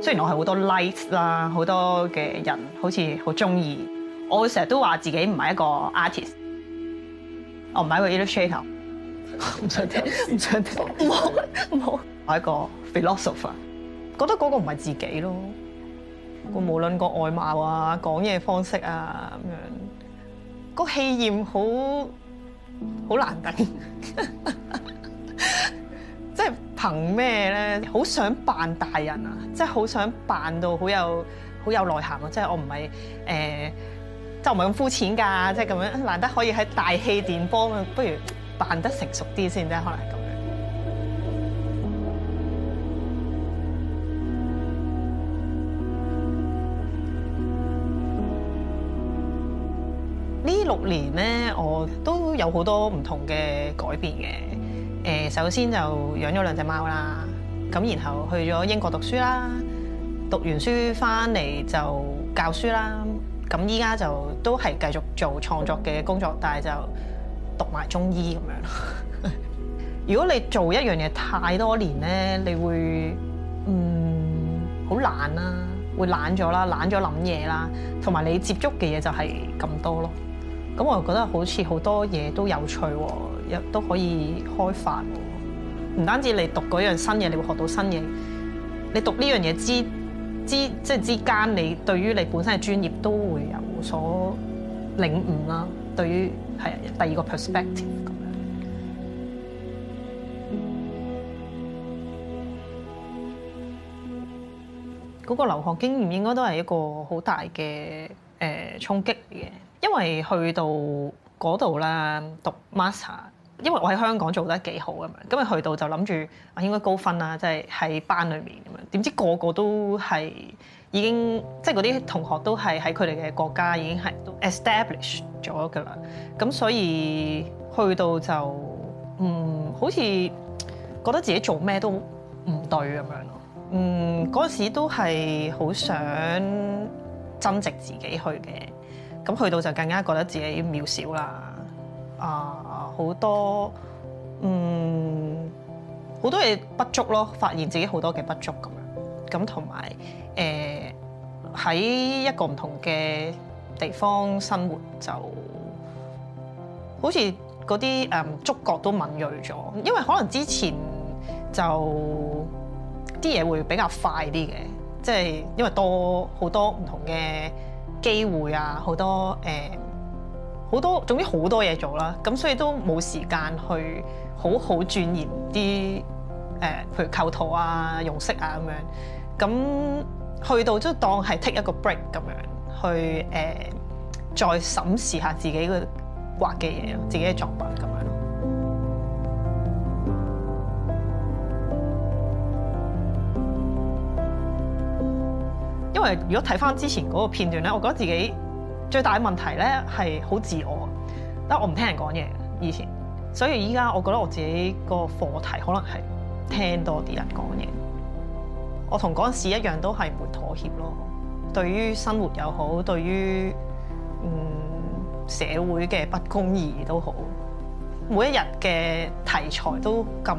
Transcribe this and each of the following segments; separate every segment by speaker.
Speaker 1: 雖然我係好多 likes 啦，好多嘅人好似好中意，我會成日都話自己唔係一個 artist，我唔係一個 illustrator，我唔想聽，唔想聽，冇冇，不我係一個 philosopher，覺得嗰個唔係自己咯，個、嗯、無論個外貌啊，講嘢方式啊，咁樣、個氣焰好好難頂。 憑咩咧？好想扮大人啊！即係好想扮到好有好有內涵啊。即係我唔係誒，即係唔係咁膚淺噶！即係咁樣難得可以喺大氣電波，不如扮得成熟啲先啫，可能咁樣。呢 六年咧，我都有好多唔同嘅改變嘅。誒首先就養咗兩隻貓啦，咁然後去咗英國讀書啦，讀完書翻嚟就教書啦，咁依家就都係繼續做創作嘅工作，但係就讀埋中醫咁樣。如果你做一樣嘢太多年呢，你會嗯，好懶啦，會懶咗啦，懶咗諗嘢啦，同埋你接觸嘅嘢就係咁多咯。咁我又覺得好似好多嘢都有趣，又都可以開發。唔單止你讀嗰樣新嘢，你會學到新嘢。你讀呢樣嘢之之即係之間，你對於你本身嘅專業都會有所領悟啦。對於係第二個 perspective 咁樣。嗰個留學經驗應該都係一個好大嘅誒、呃、衝擊嚟嘅。因為去到嗰度啦，讀 master，因為我喺香港做得幾好咁樣，咁去到就諗住我應該高分啦，即係喺班裡面咁樣。點知個個都係已經即係嗰啲同學都係喺佢哋嘅國家已經係都 establish 咗㗎啦。咁所以去到就嗯，好似覺得自己做咩都唔對咁樣咯。嗯，嗰陣時都係好想增值自己去嘅。咁去到就更加覺得自己渺小啦，啊，好多嗯，好多嘢不足咯，發現自己好多嘅不足咁樣，咁同埋誒，喺一個唔同嘅地方生活就好似嗰啲誒，觸覺都敏鋭咗，因為可能之前就啲嘢會比較快啲嘅，即係因為多好多唔同嘅。機會啊，好多誒好多總之好多嘢做啦，咁所以都冇時間去好好鑽研啲誒譬如構圖啊、用色啊咁樣，咁去到都當係 take 一個 break 咁樣去誒再審視下自己嘅畫嘅嘢，自己嘅作品咁。因為如果睇翻之前嗰個片段咧，我覺得自己最大嘅問題咧係好自我，得我唔聽人講嘢。以前，所以依家我覺得我自己個課題可能係聽多啲人講嘢。我同嗰陣時一樣都係唔會妥協咯，對於生活又好，對於嗯社會嘅不公義都好，每一日嘅題材都咁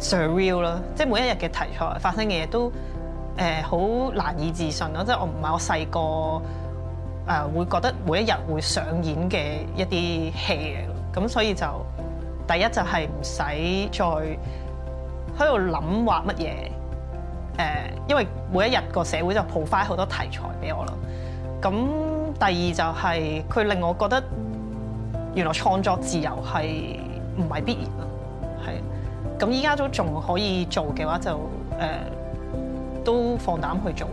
Speaker 1: surreal 啦，即係每一日嘅題材發生嘅嘢都。誒好、呃、難以置信咯，即係我唔係我細個誒會覺得每一日會上演嘅一啲戲嚟。咁所以就第一就係唔使再喺度諗話乜嘢，誒、呃，因為每一日個社會就 provide 好多題材俾我啦。咁第二就係佢令我覺得原來創作自由係唔係必然咯，係。咁依家都仲可以做嘅話就誒，呃都放膽去做。